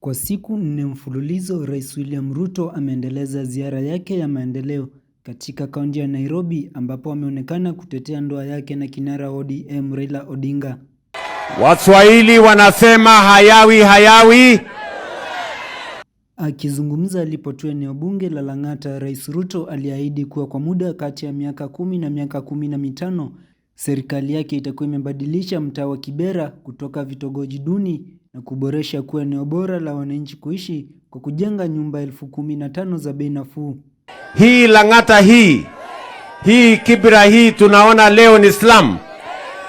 Kwa siku nne mfululizo, Rais William Ruto ameendeleza ziara yake ya maendeleo katika kaunti ya Nairobi ambapo ameonekana kutetea ndoa yake na kinara ODM Raila Odinga. Waswahili wanasema hayawi hayawi. Akizungumza alipotua eneo bunge la Lang'ata, Rais Ruto aliahidi kuwa kwa muda kati ya miaka kumi na miaka kumi na mitano serikali yake itakuwa imebadilisha mtaa wa Kibera kutoka vitogoji duni na kuboresha kuwa eneo bora la wananchi kuishi kwa kujenga nyumba elfu kumi na tano za bei nafuu. Hii Lang'ata hii hii Kibra hii tunaona leo ni slum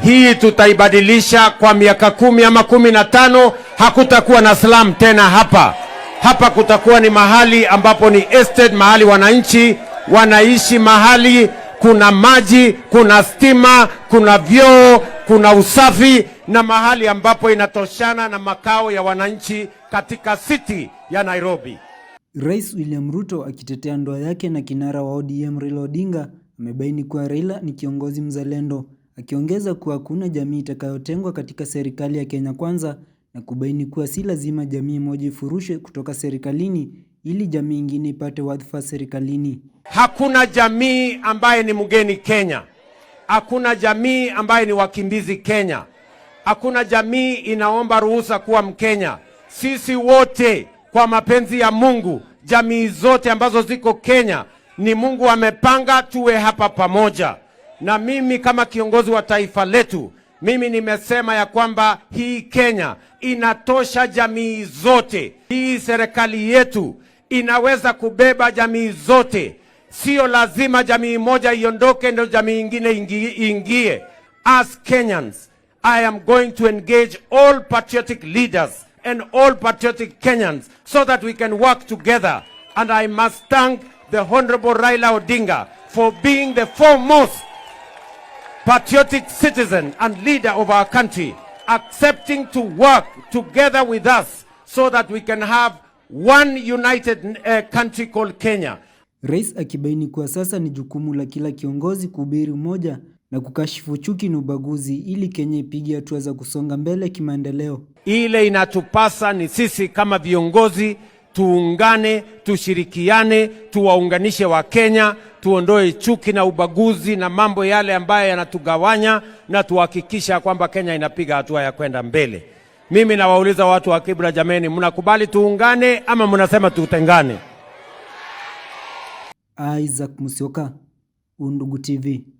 hii tutaibadilisha kwa miaka kumi ama kumi na tano. Hakutakuwa na slum tena hapa. Hapa kutakuwa ni mahali ambapo ni estate, mahali wananchi wanaishi, mahali kuna maji, kuna stima, kuna vyoo, kuna usafi na mahali ambapo inatoshana na makao ya wananchi katika city ya Nairobi. Rais William Ruto akitetea ndoa yake na kinara wa ODM Raila Odinga amebaini kuwa Raila ni kiongozi mzalendo, akiongeza kuwa hakuna jamii itakayotengwa katika serikali ya Kenya Kwanza na kubaini kuwa si lazima jamii moja ifurushwe kutoka serikalini ili jamii ingine ipate wadhifa serikalini. Hakuna jamii ambaye ni mgeni Kenya. Hakuna jamii ambaye ni wakimbizi Kenya. Hakuna jamii inaomba ruhusa kuwa Mkenya. Sisi wote kwa mapenzi ya Mungu, jamii zote ambazo ziko Kenya, ni Mungu amepanga tuwe hapa pamoja. Na mimi kama kiongozi wa taifa letu, mimi nimesema ya kwamba hii Kenya inatosha jamii zote. Hii serikali yetu inaweza kubeba jamii zote, sio lazima jamii moja iondoke ndio jamii ingine ingie. As Kenyans I am going to engage all patriotic leaders and all patriotic Kenyans so that we can work together. And I must thank the Honorable Raila Odinga for being the foremost patriotic citizen and leader of our country, accepting to work together with us so that we can have one united uh, country called Kenya. Rais akibaini kuwa sasa ni jukumu la kila kiongozi kuhubiri umoja na kukashifu chuki na ubaguzi ili Kenya ipige hatua za kusonga mbele kimaendeleo. Ile inatupasa ni sisi kama viongozi tuungane, tushirikiane, tuwaunganishe Wakenya, tuondoe chuki na ubaguzi na mambo yale ambayo yanatugawanya na tuhakikisha kwamba Kenya inapiga hatua ya kwenda mbele. Mimi nawauliza watu wa Kibra, jameni, mnakubali tuungane ama mnasema tutengane? Isaac Musioka, Undugu TV.